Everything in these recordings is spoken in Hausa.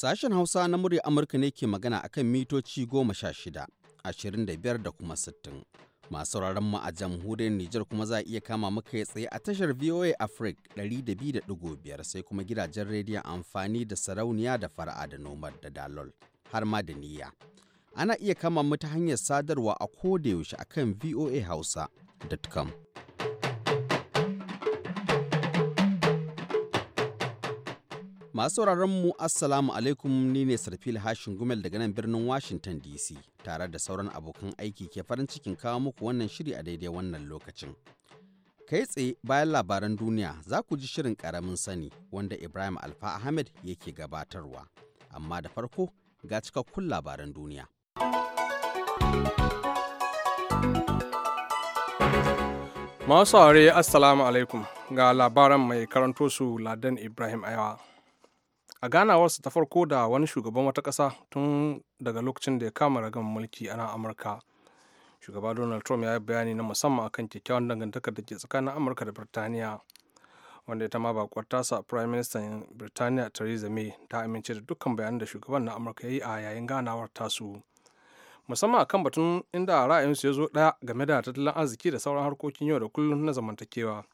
Sashen Hausa na murya Amurka ne ke magana akan mitoci goma sha shida, ashirin da biyar da kuma sittin. Masu sauraron mu a jamhuriyar Nijar kuma za a iya kama muka tsaye a tashar VOA Africa da da biyar sai kuma gidajen rediyon amfani da sarauniya da fara'a da nomar da dalol har ma da niyya. Ana iya kama mu ta hanyar sadarwa a kodayaushe akan voa hausa.com. Masu mu Assalamu alaikum ni ne Sarfil Hashin Gumel daga nan birnin Washington DC tare da sauran abokan aiki ke farin cikin kawo muku wannan shiri a daidai wannan lokacin. Kai tsaye bayan labaran duniya za ku ji shirin karamin sani wanda Ibrahim Alfa Ahmed yake gabatarwa. Amma da farko ga cikakkun labaran duniya. Masu aure Assalamu alaikum ga labaran mai karanto su Ladan Ibrahim Ayawa. a ganawarsa ta farko da wani shugaban wata ƙasa tun daga lokacin da ya kama ragan mulki a nan amurka shugaba donald trump ya yi bayani na musamman akan kyakkyawan dangantakar da ke tsakanin amurka da birtaniya wanda ita ma bakwar tasa prime minister birtaniya theresa may ta amince da dukkan bayanan da shugaban na amurka ya yi a yayin ganawar tasu musamman akan batun inda ra'ayinsu ya zo ɗaya game da tattalin arziki da sauran harkokin yau da kullum na zamantakewa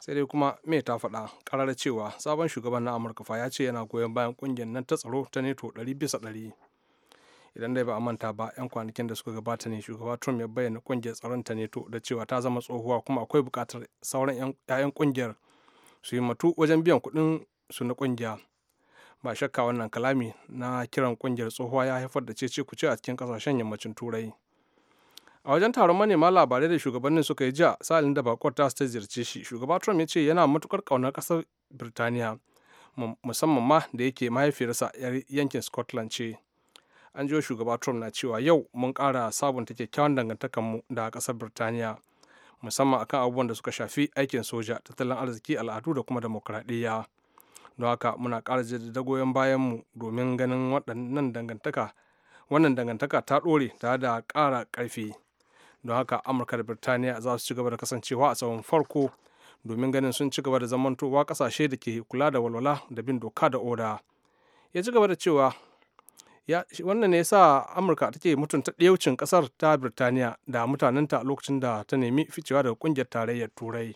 sai dai kuma me ta faɗa ƙarar cewa sabon shugaban na amurka fa ya ce yana goyon bayan ƙungiyar nan ta tsaro ta neto 100 bisa ɗari idan dai ba a manta ba 'yan kwanakin da suka gabata ne shugaba trump ya bayyana ƙungiyar tsaron ta neto da cewa ta zama tsohuwa kuma akwai buƙatar sauran 'ya'yan ƙungiyar su yi matu wajen biyan kuɗin su na ƙungiya ba shakka wannan kalami na kiran ƙungiyar tsohuwa ya haifar da ce-ce ku ce a cikin ƙasashen yammacin turai a wajen taron manema labarai da shugabannin suka yi jiya sa'ilin da bakwar ta ta ziyarce shi shugaba trump ya ce yana matukar kaunar kasar birtaniya musamman ma da yake mahaifiyarsa yankin scotland ce an jiyo shugaba trump na cewa yau mun kara sabunta kyakkyawan dangantakanmu da kasar birtaniya musamman akan abubuwan da suka shafi aikin soja tattalin arziki al'adu da kuma demokradiyya don haka muna kara jaddada goyon bayanmu domin ganin waɗannan dangantaka wannan dangantaka ta ɗore tare da kara ƙarfi don haka amurka da birtaniya za su ci gaba da kasancewa a tsawon farko domin ganin sun ci gaba da zamantowa kasashe da ke kula da walwala da bin doka da oda ya ci gaba da cewa wannan ne sa amurka take mutunta ɗaucin ƙasar ta birtaniya da mutanenta a lokacin da ta nemi ficewa daga ƙungiyar tarayyar turai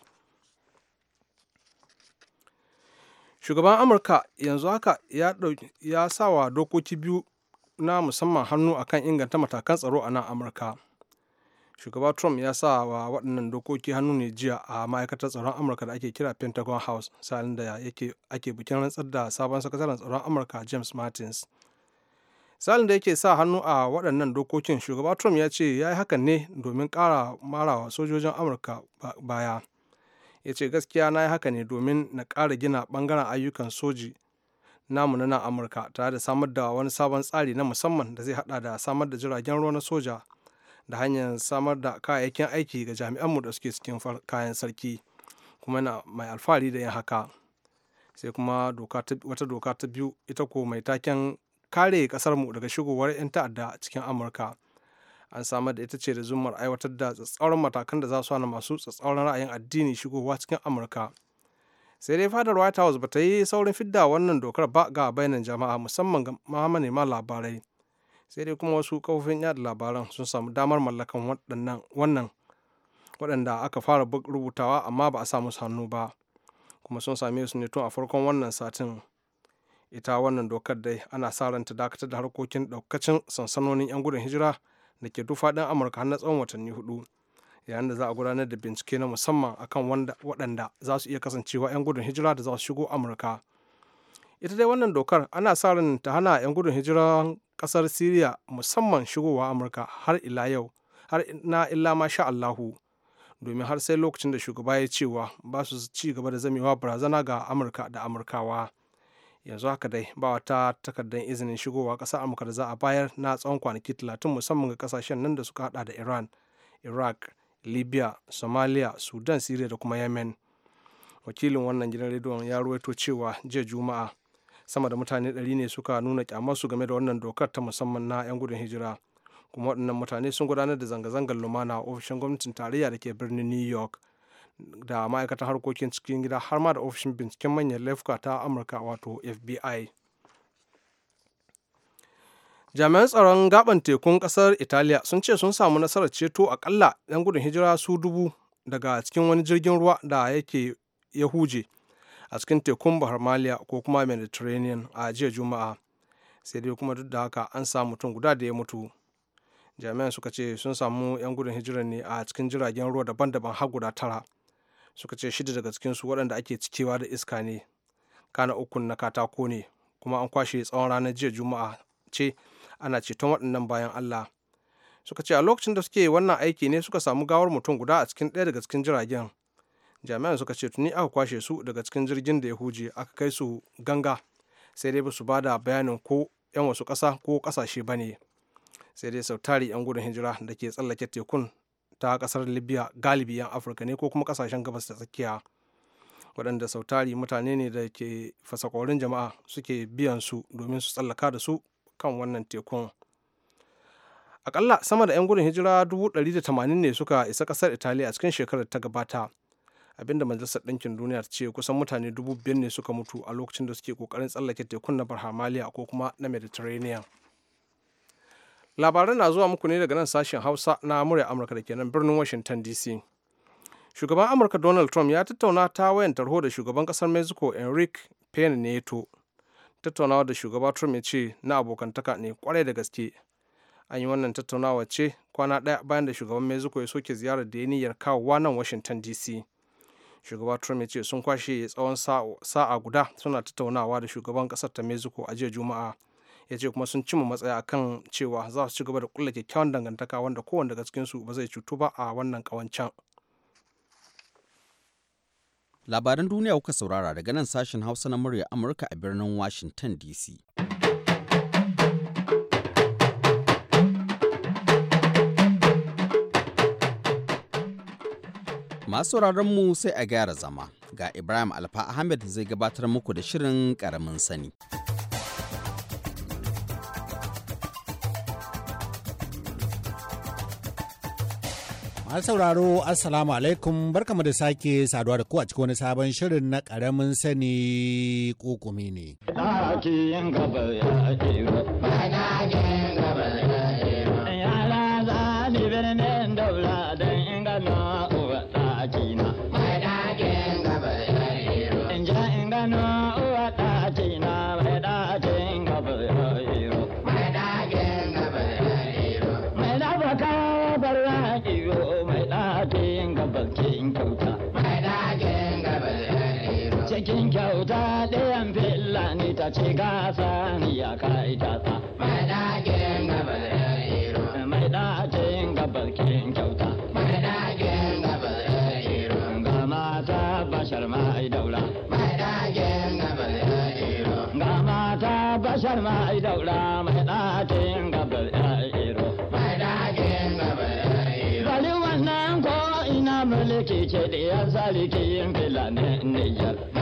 shugaban amurka yanzu haka ya sa wa dokoki biyu na musamman hannu akan inganta matakan tsaro a nan amurka shugaba trump ya sa wa waɗannan dokoki hannu ne jiya a ma'aikatar tsaron amurka da ake kira pentagon house sa'in da ake bikin rantsar da sabon sakataren tsaron amurka james martins salin da yake sa hannu a waɗannan dokokin shugaba trump ya ce ya yi hakan ne domin ƙara marawa sojojin amurka baya ya ce gaskiya na yi haka ne domin na ƙara gina ɓangaren ayyukan soji namu na amurka tare da samar da wani sabon tsari na musamman da zai hada da samar da jiragen ruwa na soja da hanyar samar da kayayyakin aiki ga jami'anmu da suke cikin kayan sarki kuma na mai alfahari da yin haka sai kuma wata doka ta biyu ita ko mai taken kare kasarmu daga shigowar 'yan ta'adda cikin amurka an samar da ita ce da zumar aiwatar da tsatsauran matakan da za su hana masu tsatsauran ra'ayin addini shigowa cikin amurka sai dai fadar white house ba ta yi saurin fidda wannan dokar ba ga bayanan jama'a musamman ga manema labarai sai dai kuma wasu kafofin yada labaran sun samu damar mallakan wannan waɗanda aka fara rubutawa amma ba a samu hannu ba kuma sun same su ne tun a farkon wannan satin ita wannan dokar dai ana sa ranta dakatar da harkokin daukacin sansanonin 'yan gudun hijira da ke duk faɗin amurka har na tsawon watanni hudu yayin da za a gudanar da bincike na musamman akan waɗanda za su iya kasancewa 'yan gudun hijira da za su shigo amurka ita dai wannan dokar ana sa ranta hana 'yan gudun hijira kasar Siriya musamman shigowa Amurka har ila yau har na illa ma sha Allahu domin har sai lokacin da shugaba ya cewa ba su ci gaba da zamewa barazana ga Amurka da Amurkawa. Yanzu haka dai ba wata takardar izinin shigowa kasar Amurka da za a bayar na tsawon kwanaki talatin musamman ga kasashen nan da suka hada da Iran, Iraq, Libya, Somalia, Sudan, Siriya da kuma Yemen. Wakilin wannan gidan rediyon ya ruwaito cewa jiya Juma'a sama da mutane ɗari ne suka nuna kyamarsu game da wannan dokar ta musamman na 'yan gudun hijira kuma waɗannan mutane sun gudanar da zanga-zangar lumana a ofishin gwamnatin tarayya da ke birnin new york da ma'aikatan harkokin cikin gida har ma da ofishin binciken manyan laifuka ta amurka wato fbi jami'an tsaron gaban tekun kasar italiya sun ce sun samu nasarar ceto akalla 'yan gudun hijira su dubu daga cikin wani jirgin ruwa da yake ya huje a cikin tekun bahar maliya ko kuma mediterranean a jiya juma'a sai dai kuma duk da haka an samu mutum guda da ya mutu jami'an suka ce sun samu 'yan gudun hijiran ne a cikin jiragen ruwa daban-daban har guda tara suka ce shida daga cikinsu waɗanda ake cikewa da iska ne kana ukun na katako ne kuma an kwashe tsawon ranar jiya juma'a ce ana ceton waɗannan bayan allah suka ce a lokacin da suke wannan aiki ne suka samu gawar mutum guda a cikin ɗaya daga cikin jiragen jami'an suka ce tuni aka kwashe su daga cikin jirgin da ya huje aka kai su ganga sai dai ba su ba da bayanin ko 'yan wasu ƙasa ko ƙasashe ba ne sai dai sau tari 'yan gudun hijira da ke tsallake tekun ta kasar libya galibi 'yan afirka ne ko kuma ƙasashen gabas da tsakiya waɗanda sau tari mutane ne da ke fasakorin jama'a suke biyan su domin su tsallaka da su kan wannan tekun akalla sama da 'yan gudun hijira 180 ne suka isa ƙasar italiya a cikin shekarar ta gabata abinda majalisar ɗinkin duniya ce kusan mutane dubu biyar ne suka mutu a lokacin da suke kokarin tsallake tekun na barhamaliya ko kuma na mediterranean labaran na zuwa muku ne daga nan sashen hausa na murya amurka da kenan birnin washington dc shugaban amurka donald trump ya tattauna ta wayan tarho da shugaban kasar mexico enrique pena neto tattaunawa da shugaba trump ya ce na abokantaka ne kwarai da gaske an yi wannan tattaunawa ce kwana ɗaya bayan da shugaban mexico ya soke ziyarar da ya niyyar wa nan washington dc shugaba trump ya ce sun kwashe tsawon sa'a guda suna tattaunawa da shugaban kasar ta mexico a jiya juma'a ya ce kuma sun cimma matsaya akan cewa za su ci gaba da kulla kyakkyawan dangantaka wanda kowanne daga cikinsu ba zai cutu ba a wannan kawancan labaran duniya kuka saurara daga nan sashen hausa na murya amurka a birnin washington dc Masu mu sai a gyara zama ga Ibrahim Alfa Ahmed zai gabatar muku da shirin karamin sani. Masu sauraro Assalamu alaikum barkamu da sake saduwa da ku a cikin wani sabon shirin na karamin sani kukumi ne. ka ce gasa ya kai tasa. Mai ɗakin gabas ya iro. Mai ɗakin gabas kin kyauta. Mai ɗakin gabas ya iro. Ga mata bashar mai daula. Mai ɗakin gabas ya iro. Ga mata bashar mai daula. Mai ɗakin gabas ya iro. Mai ɗakin gabas ya iro. Bari wannan ko ina mulki ce da ya saliki yin filanin Nijar.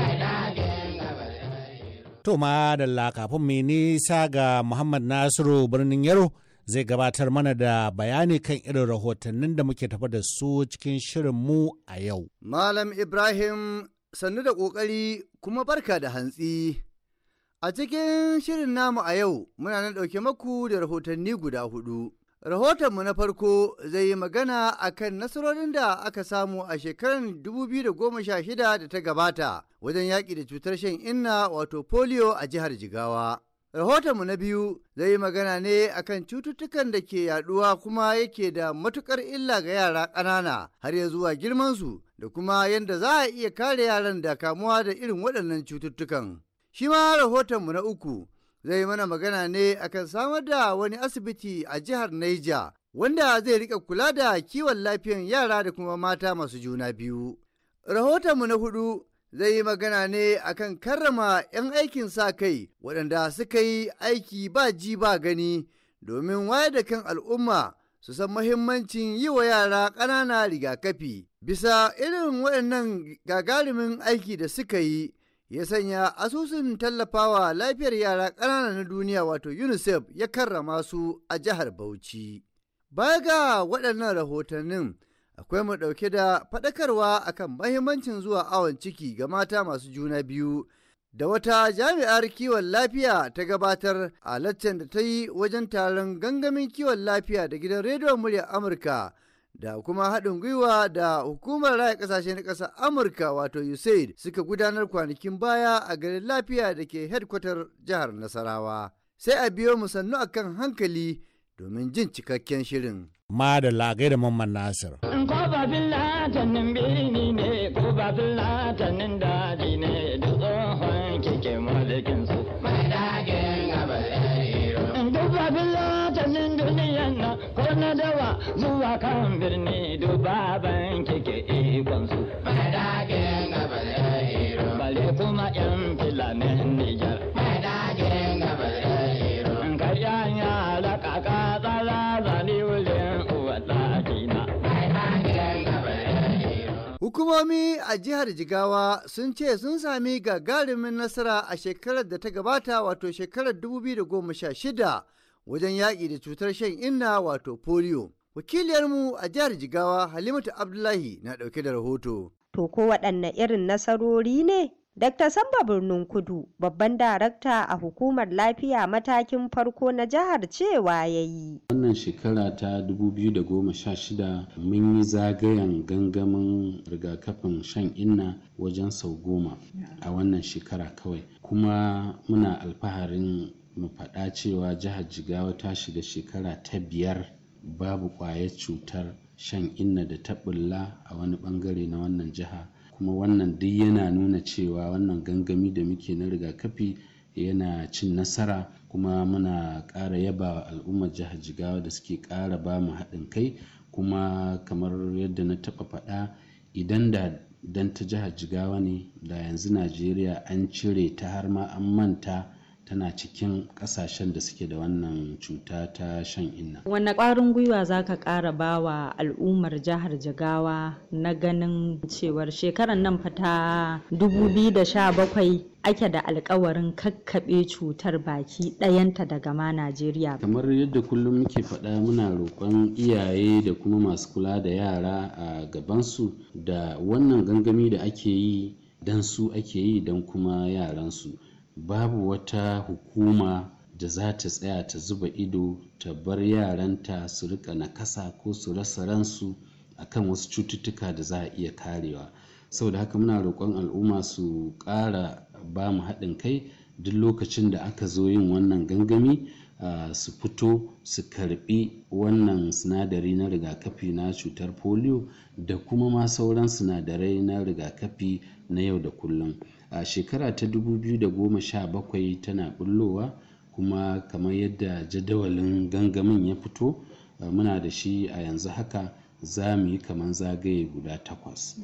To ma da kafin mai nisa ga Muhammad Nasiru birnin Yaro zai gabatar mana da bayani kan irin rahotannin da muke tafa da su cikin shirin mu a yau. Malam Ibrahim sannu da ƙoƙari kuma barka da hantsi. A cikin shirin namu a yau muna nan ɗauke maku da rahotanni guda hudu. Rahotonmu na farko zai yi magana a kan nasarorin da aka samu a shekarar 2016 da ta gabata wajen yaƙi da cutar shan inna wato polio a jihar Jigawa. Rahotonmu na biyu zai yi magana ne a kan cututtukan da ke yaduwa kuma yake da matukar illa ga yara ƙanana har ya zuwa girmansu da kuma yadda za a iya kare yaran da kamuwa da irin waɗannan cututtukan. Shi ma rahotonmu na uku zai mana magana ne akan samar da wani asibiti a jihar Naija, wanda zai rika kula da kiwon lafiyan yara da kuma mata masu juna biyu. Rahotonmu na hudu zai yi magana ne akan karrama 'yan aikin sa kai waɗanda suka yi aiki ba ji ba gani domin wayar da kan al'umma su san muhimmancin yi wa yara ƙanana rigakafi bisa irin waɗannan gagarumin aiki da suka yi. ya sanya asusun tallafawa lafiyar yara ƙanana na duniya wato unicef ya karrama su a jihar bauchi baya ga waɗannan rahotannin akwai mu ɗauke da faɗakarwa akan mahimmancin zuwa awon ciki ga mata masu juna biyu da wata jami'ar kiwon lafiya ta gabatar a laccen da ta yi wajen taron gangamin kiwon lafiya da gidan rediyon muryar amurka da kuma haɗin gwiwa da hukumar raya ƙasashe na ƙasar Amurka wato USAID suka gudanar kwanakin baya a garin lafiya da ke hedkwatar jihar Nasarawa. Sai a biyo mu sannu a kan hankali domin jin cikakken shirin. Ma da lagai da Mamman Nasir. kan birni duba ban kike ikon su. Hukumomi a jihar Jigawa sun ce sun sami gagarumin nasara a shekarar da ta gabata wato shekarar 2016 wajen yaƙi da cutar shan inna wato polio. Wakiliyarmu a jihar Jigawa Halimatu Abdullahi na ɗauke da rahoto. To ko waɗanne irin nasarori ne? Dr. Samba Birnin Kudu, babban darakta a hukumar lafiya matakin farko na jihar cewa ya yi. Wannan shekara ta 2016 mun yi zagayen gangamin rigakafin shan inna wajen sau goma a wannan shekara kawai. Kuma muna alfaharin mu faɗa cewa jihar Jigawa ta shiga shekara ta biyar babu ƙwayar cutar shan inna da ta a wani bangare na wannan jiha kuma wannan duk yana nuna cewa wannan gangami da muke na rigakafi yana cin nasara kuma muna ƙara yaba wa al'ummar jihar jigawa da suke ƙara ba mu haɗin kai kuma kamar yadda na taɓa faɗa idan da dan ta jihar jigawa ne da yanzu najeriya an cire ta har ma an manta tana cikin kasashen da suke da wannan cuta ta shan inna. Wanne ƙwarin gwiwa za ka ƙara ba wa al'ummar jihar Jigawa na ganin cewar shekarar nan fata 2017 ake da alkawarin kakkaɓe cutar baki ɗayanta daga ma Najeriya. Kamar yadda kullum muke faɗa muna roƙon iyaye da kuma masu kula da yara a gabansu da wannan gangami da ake yi don su ake yi don kuma yaransu. babu wata hukuma da za ta tsaya ta zuba ido ta bar yaranta su rika nakasa ko su rasa ransu akan wasu cututtuka da za a iya karewa saboda haka muna roƙon al'umma su ƙara ba mu haɗin kai duk lokacin da aka zo yin wannan gangami su fito su karbi wannan sinadari na rigakafi na cutar polio da kuma ma sauran sinadarai na rigakafi na yau da kullum a shekara ta dubu biyu da goma sha bakwai tana bullowa kuma kamar yadda jadawalin gangamin ya fito muna da shi a yanzu haka za mu yi kamar zagaye guda takwas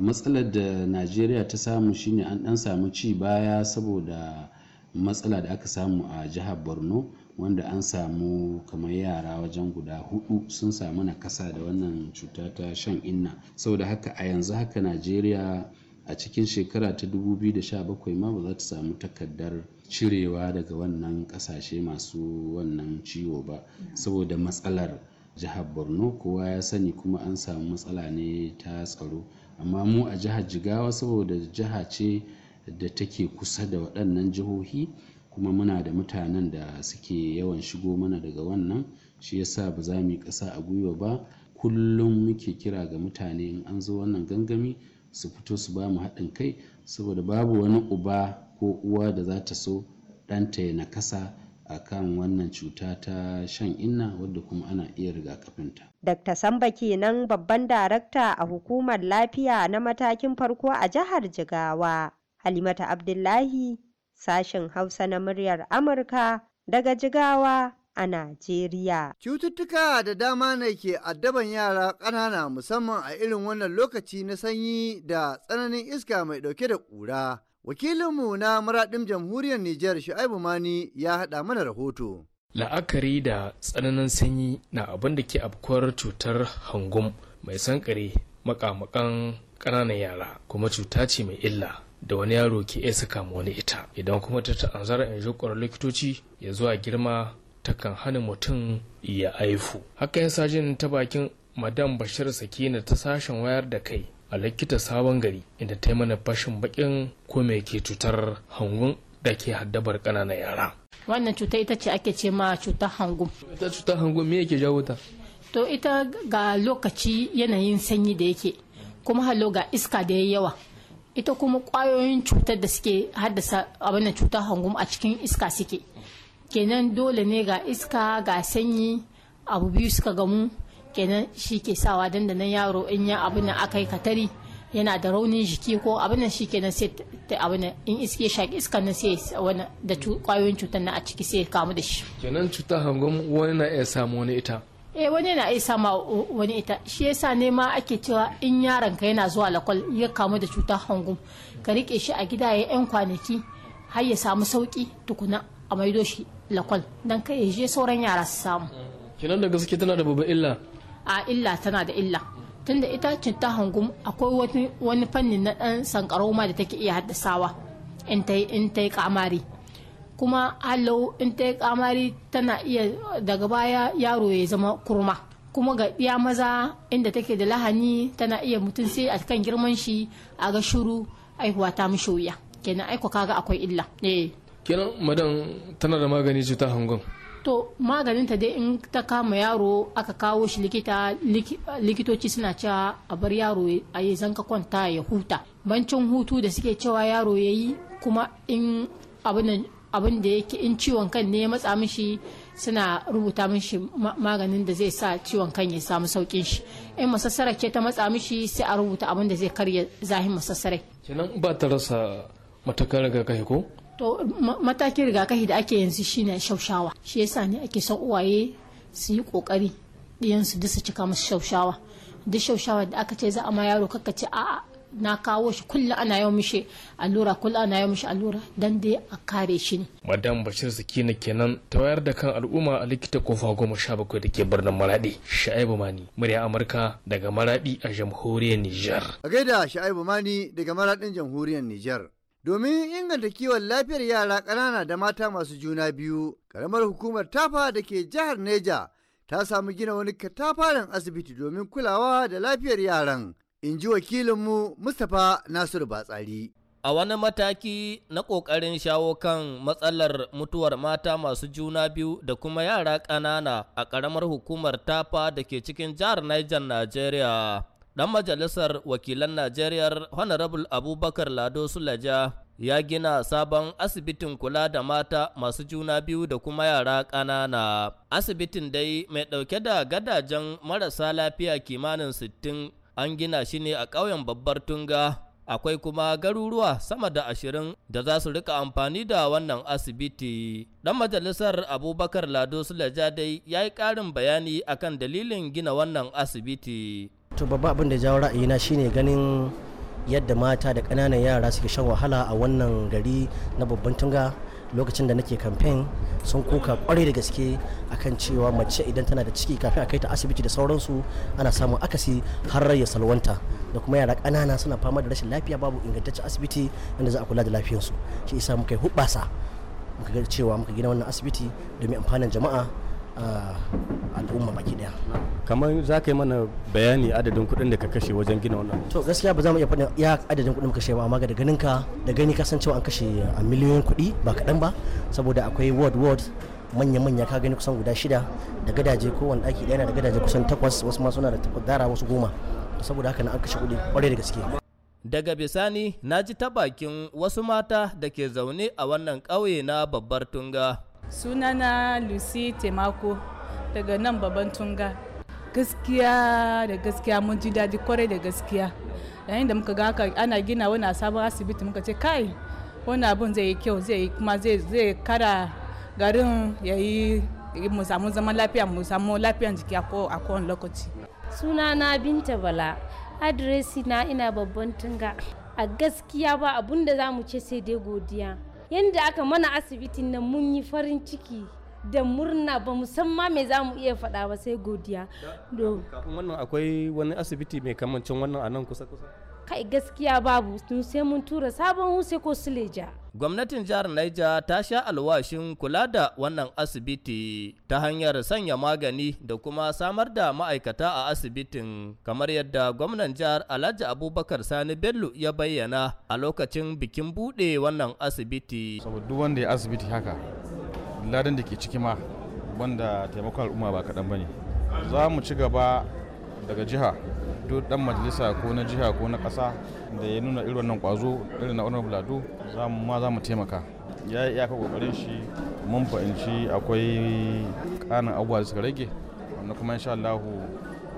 matsalar da najeriya ta samu shine an dan samu ci baya saboda matsala da aka samu a jihar borno wanda an samu kamar yara wajen guda hudu sun samu kasa da wannan cuta ta shan inna saboda haka a yanzu haka najeriya a cikin shekara ta 2017 ma ba za ta samu takardar cirewa daga wannan kasashe masu wannan ciwo ba saboda matsalar jihar borno kowa ya sani kuma an samu matsala ne ta tsaro amma mu a jihar jigawa saboda jiha ce da take kusa da waɗannan jihohi kuma muna da mutanen da suke yawan shigo mana daga wannan shi yasa ba za mu yi ƙasa a gwiwa ba kullum muke kira ga mutane in an zo wannan gangami su fito su ba mu haɗin kai saboda babu wani uba ko uwa da za ta so ɗanta ya nakasa a kan wannan cuta ta shan inna wadda kuma ana iya rigakafinta. Dr. Samba kenan babban darakta a hukumar lafiya na matakin farko a jihar Jigawa. Halimata Abdullahi, sashen Hausa na muryar Amurka daga Jigawa a Najeriya. Cututtuka da dama ne ke addaban yara ƙanana musamman a irin wannan lokaci na sanyi da tsananin iska mai ɗauke da ƙura. Wakilinmu na muradin jamhuriyar Nijar Shu'aibu Mani ya haɗa mana rahoto. La'akari da tsananin sanyi na abin da ke afkuwar cutar hangum mai sankare makamakan ƙananan yara kuma cuta ce mai illa. da wani yaro ke iya saka wani ita idan kuma ta ta'anzara in ji likitoci ya zuwa girma takan hana mutum ya aifu haka ya jin ta bakin madam bashir sakina ta sashen wayar da kai a likita sabon gari inda ta yi mana fashin bakin ko me ke cutar hangun da ke haddabar ƙananan yara wannan cuta ita ce ake ce ma cutar hangun ita cutar hangun me yake jawo ta to ita ga lokaci yanayin sanyi da yake kuma halo ga iska da ya yawa ita kuma kwayoyin cutar da suke haddasa abin cutar hangum a cikin iska suke kenan dole ne ga iska ga sanyi abu biyu suka gamu kenan shi ke sawa dandanan yaro in ya abu nan aka yi katari yana da raunin jiki ko abu nan shi kenan sai ta abu nan in iske shaƙi iska nan sai wani da kwayoyin cutar na a ciki sai kamu da shi kenan cutar hangon wani na iya samu wani ita eh wani na iya sama wani ita shi yasa ne ma ake cewa in yaron ka yana zuwa lakwal ya kamu da cutar hangum ka rike shi a gida ya yan kwanaki har ya samu sauki tukuna a maido shi lakwal don kai ya je sauran yara su samu kinan da gaske tana da babba illa a illa tana da illa tunda itacin ta hangum akwai wani fannin na dan sankarau ma da take iya haddasawa in ta in ta kamari kuma halau in ta kamari tana iya daga baya yaro ya zama kurma kuma ga iya maza inda take da lahani tana iya mutum sai a kan girman shi a ga shuru aihuwa ta mishi wuya kenan aiko kaga akwai illa eh kenan madan tana da magani cutar hangon to maganinta dai in ta kama yaro aka kawo shi likita likitoci suna cewa a bar yaro a yi zanka kwanta ya huta bancin hutu da suke cewa yaro ya yi kuma in abin da yake in ciwon kan ne ya matsa mishi suna rubuta mishi maganin da zai sa ciwon kan ya samu saukin shi in masassarar ce ta matsa mishi sai a rubuta abin da zai karya zahin masassarai kenan ba ta rasa matakar rigakafi ko to matakin rigakafi da ake yanzu shine shaushawa shi yasa ne ake son uwaye su yi kokari ɗiyansu duk su cika musu shaushawa duk shaushawa da aka ce za a ma yaro kakka ce a na kawo shi kulla ana yau mishi allura kulla ana yau mishi allura dan dai a kare shi ne. madam bashir sakina kenan ta wayar da kan al'umma a likita kofa goma sha bakwai da ke birnin maradi sha'ibu mani murya amurka daga maradi a jamhuriyar nijar. a gaida sha'ibu mani daga maradin jamhuriyar nijar. domin inganta kiwon lafiyar yara ƙanana da mata masu juna biyu ƙaramar hukumar tafa da ke jihar neja ta samu gina wani katafaren asibiti domin kulawa da lafiyar yaran in ji wakilinmu mustapha nasiru batsari a wani mataki na ƙoƙarin shawo kan matsalar mutuwar mata masu juna biyu da kuma yara ƙanana a ƙaramar hukumar tafa da ke cikin jihar niger najeriya Ɗan majalisar wakilan Najeriya Honorable Abubakar Lado Sulaja ya gina sabon asibitin kula da mata masu juna biyu da kuma yara ƙanana. Asibitin dai mai ɗauke da gadajen marasa lafiya kimanin sittin an gina shi ne a ƙauyen babbar tunga. Akwai kuma garuruwa sama da ashirin da za su rika amfani da wannan asibiti. Ɗan majalisar Abubakar Lado Sulaja dai ya yi ƙarin bayani akan dalilin gina wannan asibiti. to babba abin da jawo ra'ayina shine ganin yadda mata da ƙananan yara suke shan wahala a wannan gari na babban tunga lokacin da nake kamfen sun kuka kwarai da gaske akan cewa mace idan tana da ciki kafin a kai ta asibiti da sauransu ana samun akasi har rai ya salwanta da kuma yara ƙanana suna fama da rashin lafiya babu ingantaccen asibiti inda za a kula da lafiyarsu shi isa muka yi hubbasa muka cewa muka gina wannan asibiti domin amfanin jama'a Ah, al'umma baki daya kamar za ka yi mana bayani adadin kuɗin da ka kashe wajen gina wannan to gaskiya ba za mu iya faɗin ya adadin kuɗin kashe ba amma ga ganin ka da gani ka san cewa an kashe a ah, miliyoyin kuɗi ba kaɗan ba saboda akwai ward ward manya-manya ka gani kusan guda shida da gadaje kowane ɗaki ɗaya na da gadaje kusan takwas wasu ma suna da dara wasu goma saboda haka na an kashe kuɗi kwarai da gaske daga bisani na ji ta bakin wasu mata da ke zaune a wannan ƙauye na babbar tunga sunana lucy temako daga nan babban tunga gaskiya da gaskiya mun ji daji kwarai da gaskiya yayin da muka ga haka ana gina wani sabon asibiti muka ce kai wani abun zai yi kyau zai yi kuma zai kara garin ya yi mu samu zaman lafiya mu samu lafiyan jiki a kowane lokaci sunana binta bala adiresi na ina babban tunga a gaskiya ba abun da za mu ce sai dai godiya yadda aka mana asibitin nan mun yi farin ciki da murna ba musamman me za mu iya faɗa ba sai godiya kafin wannan akwai wani asibiti mai kamancin wannan a nan kusa-kusa kai gaskiya babu tun sai mun tura sabon wuse ko suleja gwamnatin jihar Niger ta sha alwashin kula da wannan asibiti ta hanyar sanya magani da kuma samar da ma'aikata a asibitin kamar yadda gwamnan jihar Alhaji Abubakar Sani Bello ya bayyana a lokacin bikin bude wannan asibiti. Saboda duk wanda ya asibiti haka, ladan da ke ciki ma wanda taimakon al'umma ba kaɗan ba ne. Za mu ci gaba daga jiha duk dan majalisa ko na jiha ko na kasa da ya nuna irin wannan kwazo irin na honorable ladu za mu ma za mu taimaka ya yi iyaka kokarin shi mun fahimci akwai kanan abubuwa da suka rage wanda kuma insha Allah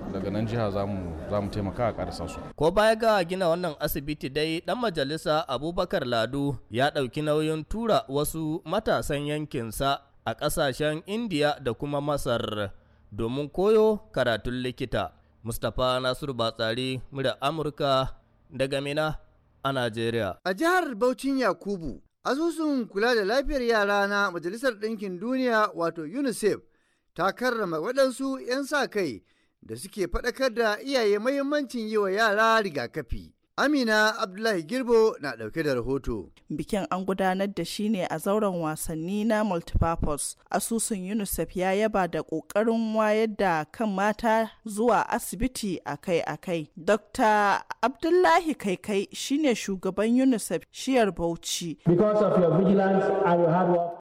daga nan jiha za mu taimaka a karasa su. Ko baya ga gina wannan asibiti dai dan majalisa Abubakar Ladu ya dauki nauyin tura wasu matasan yankinsa a kasashen Indiya da kuma Masar domin koyo karatun likita. Mustapha Nasiru Batsari murya Amurka daga Mina a Najeriya. A jihar Baucin Yakubu, asusun kula da lafiyar yara na Majalisar Ɗinkin Duniya wato UNICEF ta karrama waɗansu 'yan sa kai da suke faɗakar da iyaye mahimmancin yi wa yara rigakafi. Amina Abdullahi Girbo na ɗauke da rahoto. Bikin an gudanar da shi ne a zauren wasanni na multipurpose. Asusun UNICEF ya yaba da ƙoƙarin wayar da kan mata zuwa asibiti akai-akai. Dr. Abdullahi Kaikai shine shugaban UNICEF shiyar Bauchi.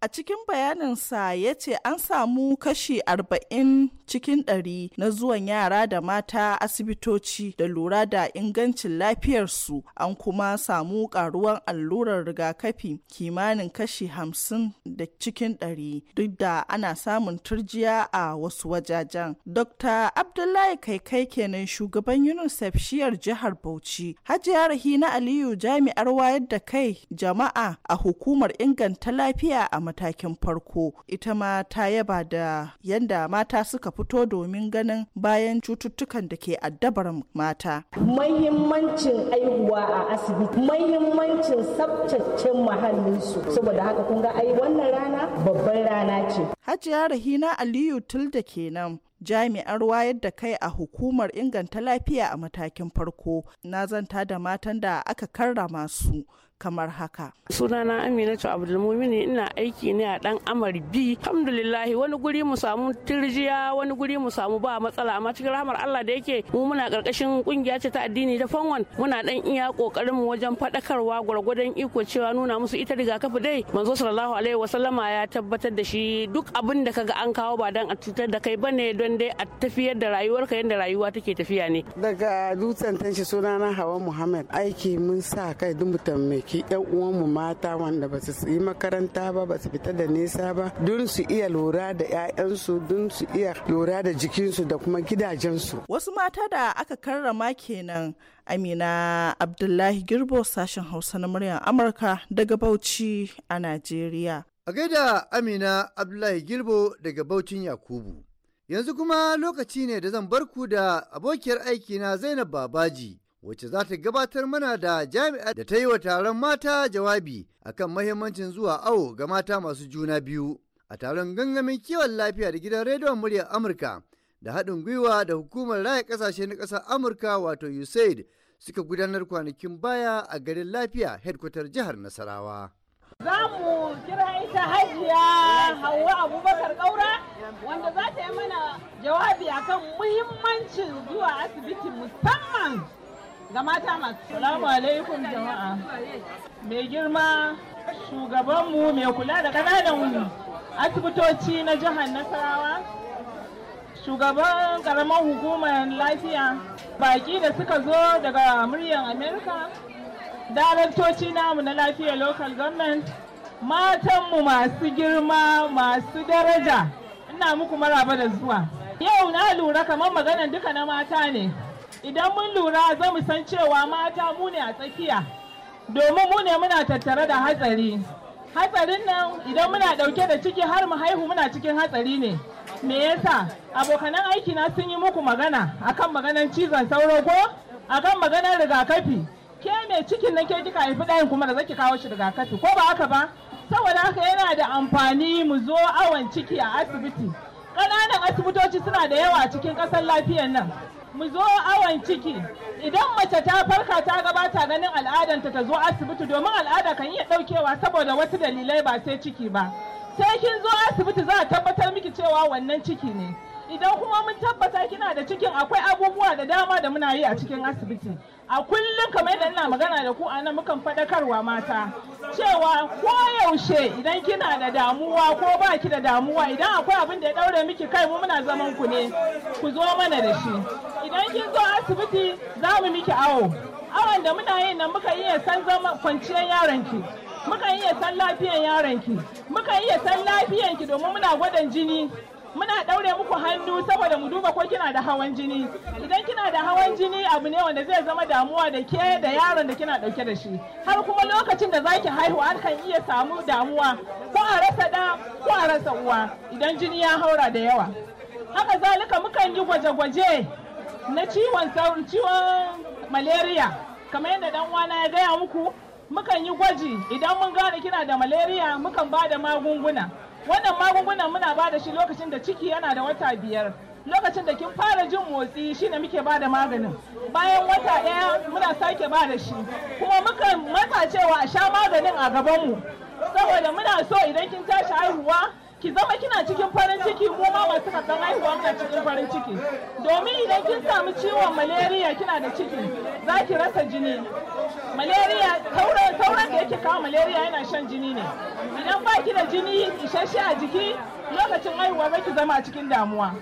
A cikin bayaninsa ya ce an samu kashi arba'in cikin ɗari na zuwan yara da mata asibitoci da lura da ingancin lafiyar su an kuma samu karuwan allurar rigakafi kimanin kashi hamsin da cikin ɗari duk da ana samun turjiya a wasu wajajen. Dr. Abdullahi Kaikai kenan shugaban UNICEF shiyar jihar Bauchi. Hajiya Rahina Aliyu jami'ar wayar da kai jama'a a hukumar inganta lafiya a matakin farko. Ita ma ta yaba da yanda mata suka fito domin ganin bayan cututtukan da ke addabar mata. Muhimmancin haihuwa a asibiti mahimmancin tsabtace muhallinsu saboda haka kun ga ai wannan rana babban rana ce hajiya rahina aliyu da kenan jami'ar wayar da kai a hukumar inganta lafiya a matakin farko na zanta da matan da aka karrama su kamar haka. Sunana Aminatu Abdulmumini ina aiki ne a dan Amar B. Alhamdulillah wani guri mu samu tirjiya wani guri mu samu ba matsala amma cikin rahmar Allah da yake mu muna karkashin kungiya ce ta addini ta fanwan muna dan iya kokarin mu wajen fadakarwa gwargwadon iko cewa nuna musu ita rigakafi dai manzo sallallahu alaihi wasallama ya tabbatar da shi duk abin da kaga an kawo ba dan a cutar da kai bane don dai a tafiyar da rayuwarka yadda rayuwa take tafiya ne. Daga dutsen tanshi sunana Hawa Muhammad aiki mun sa kai dumbutan mai ɗauki yan uwanmu mata wanda ba su yi makaranta ba ba su fita da nesa ba don su iya lura da 'ya'yansu don su iya lura da jikinsu da kuma gidajensu wasu mata da aka karrama kenan amina abdullahi girbo sashen hausa na muryar amurka daga bauchi a nigeria. a gaida amina abdullahi girbo daga baucin yakubu yanzu kuma lokaci ne da zan barku da abokiyar aikina zainab babaji wacce za ta gabatar mana da jami'a da ta yi wa taron mata jawabi akan mahimmancin zuwa awo ga mata masu juna biyu a taron gangamin kiwon lafiya da gidan rediyon muryar amurka da haɗin gwiwa da hukumar raya ƙasashe na ƙasar amurka wato usaid suka gudanar kwanakin baya a garin lafiya hedkwatar jihar nasarawa za mu kira ita hajiya hawa abubakar kaura wanda za ta yi mana jawabi akan muhimmancin zuwa asibiti musamman ga mata masu salamu alaikum jama'a mai girma shugabanmu mai kula da ƙananan asibitoci na jihar nasarawa shugaban ƙaramar hukumar lafiya baƙi da suka zo daga muryar amerika daraktoci namu na lafiya local government matanmu masu girma masu daraja ina muku maraba da zuwa yau na lura kamar maganan duka na mata ne idan mun lura za mu san cewa mata mu ne a tsakiya domin mu ne muna tattare da hatsari hatsarin nan idan muna ɗauke da ciki har mu haihu muna cikin hatsari ne me yasa abokanan aiki na sun yi muku magana akan maganan cizon sauro ko akan maganar rigakafi ke mai cikin nan ke kika haifi ɗayan kuma da zaki kawo shi rigakafi ko ba haka ba saboda haka yana da amfani mu zo awon ciki a asibiti ƙananan asibitoci suna da yawa cikin ƙasar lafiyar nan mu zo awon ciki idan mace ta farka ta gabata ganin al'adanta ta zo asibiti domin al'ada kan iya daukewa saboda wasu dalilai ba sai ciki ba sai kin zo asibiti za a tabbatar miki cewa wannan ciki ne idan kuma mun tabbata kina da cikin akwai abubuwa da dama da muna yi a cikin asibiti a kullum kamar yadda ina magana da ku a nan mukan faɗakarwa mata cewa ko yaushe idan kina da damuwa ko ba ki da damuwa idan akwai abin da ya ɗaure miki kai mu muna zaman ku ne ku zo mana da shi idan kin zo asibiti za mu miki awo awon da muna yin nan muka iya san zama kwanciyar yaron ki muka iya san lafiyan yaron ki muka iya san lafiyan ki domin muna gwadan jini muna ɗaure muku hannu saboda mu duba ko kina da hawan jini idan kina da hawan jini abu ne wanda zai zama damuwa da ke da yaron da kina ɗauke da shi har kuma lokacin da zaki haihu har kan iya samu damuwa ko a rasa da ko a rasa uwa idan jini ya haura da yawa haka zalika mukan yi gwaje-gwaje na ciwon ciwon malaria kamar yadda dan uwana ya gaya muku mukan yi gwaji idan mun gane kina da malaria mukan ba da magunguna wannan magungunan muna ba da shi lokacin da ciki yana da wata biyar lokacin da kin fara jin motsi shi ne muke ba da maganin bayan wata ɗaya muna sake ba da shi kuma muka matsa cewa a sha maganin a gabanmu saboda muna so idan kin tashi haihuwa ki zama kina cikin farin ciki mu ma masu karɓar haihuwa na cikin farin ciki domin idan kin samu ciwon malaria kina da ciki za ki rasa jini malaria sauran da yake kawo malaria yana shan jini ne idan ba ki da jini isasshe a jiki lokacin haihuwa za ki zama cikin damuwa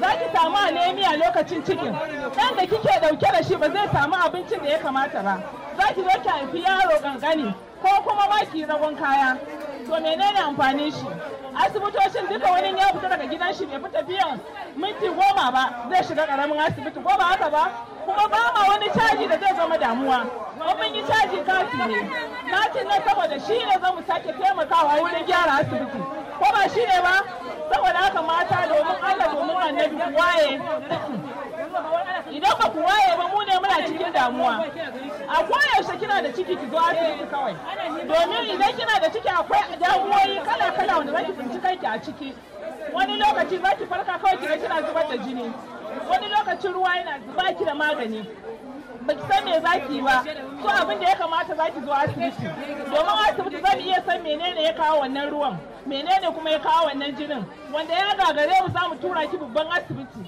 za ki samu anemia lokacin cikin ɗan da kike ɗauke da shi ba zai samu abincin da ya kamata ba za ki zo ki haifi yaro gangani ko kuma ma ki ragon kaya to menene amfanin shi asibitocin duka wani ya fita daga gidan shi bai fita biyan minti goma ba zai shiga karamin asibiti ko ba haka ba kuma ba ma wani caji da zai zama damuwa ko mun yi caji kati ne kati na saboda shi ne za mu sake taimakawa wurin gyara asibiti ko ba shi ne ba saboda haka mata domin allah domin annabi waye idan ba ku waye ba mu ne muna cikin damuwa a koyaushe kina da ciki ki zo asibiti kawai domin idan kina da ciki akwai damuwoyi kala kala wanda zaki tsinci kanki a ciki wani lokaci za ki farka kawai ki kina zubar da jini wani lokacin ruwa yana zuba ki da magani ba ki san me za ki yi ba so abin da ya kamata za ki zo asibiti domin asibiti zan iya san menene ya kawo wannan ruwan menene kuma ya kawo wannan jinin wanda ya gagare mu za mu tura ki babban asibiti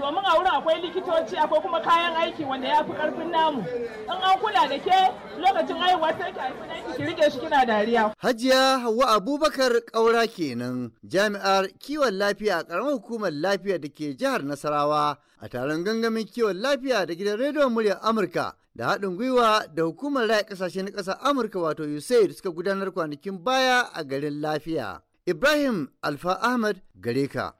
domin a wurin akwai likitoci akwai kuma kayan aiki wanda ya fi karfin namu in an kula da ke lokacin haihuwa sai ki ki rike shi kina dariya. Hajiya Hauwa Abubakar ƙaura kenan jami'ar kiwon lafiya a ƙaramar hukumar lafiya da ke jihar Nasarawa a taron gangamin kiwon lafiya da gidan rediyon muryar Amurka da haɗin gwiwa da hukumar raya ƙasashe na ƙasar Amurka wato USAID suka gudanar kwanakin baya a garin lafiya. Ibrahim Alfa Ahmad Gareka.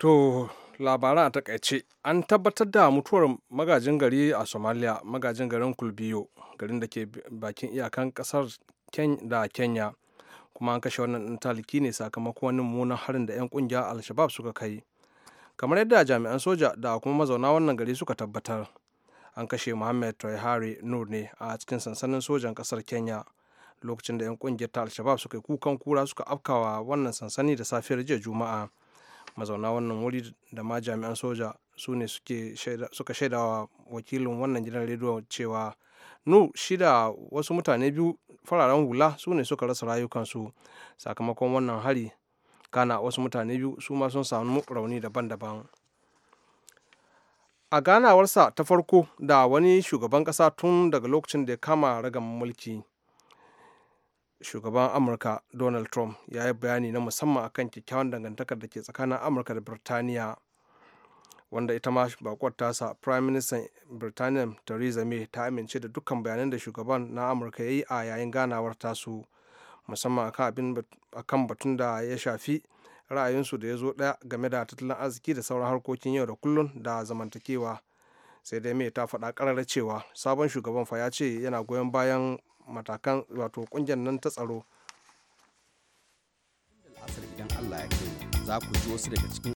To labaran a takaice an tabbatar da mutuwar magajin gari a Somalia magajin garin Kulbiyo garin da ke bakin iyakan kasar da Kenya kuma an kashe wannan taliki ne sakamakon wani mummunan harin da 'yan kungiya al suka kai. Kamar yadda jami'an soja da kuma mazauna wannan gari suka tabbatar an kashe Muhammad Traore Nur ne a cikin sansanin sojan kasar Kenya lokacin da 'yan kungiyar ta al suka yi kukan kura suka afkawa wannan sansani da safiyar jiya Juma'a. mazauna wannan wuri da ma jami'an soja su ne suka wa wakilin wannan gidan rediyo cewa nu shida wasu mutane biyu fararen hula su ne suka rasa rayukansu sakamakon wannan hari kana wasu mutane biyu su ma sun samu rauni daban-daban a ganawarsa ta farko da wani shugaban kasa tun daga lokacin da ya kama ragan mulki shugaban amurka donald trump ya yi bayani na musamman akan kyakkyawan dangantakar da ke tsakanin amurka da birtaniya wanda ita ma bakwar tasa prime minister birtaniya theresa may ta amince da dukkan bayanan da shugaban na amurka ya yi a yayin ganawar tasu musamman akan batun da ya shafi ra'ayinsu da ya zo ɗaya game da tattalin arziki da sauran harkokin yau da kullun da zamantakewa sai dai mai ta faɗa ƙarara cewa sabon shugaban fa ya ce yana goyon bayan matakan wato kungiyar nan ta tsaro. idan Allah ya za ku ji wasu daga cikin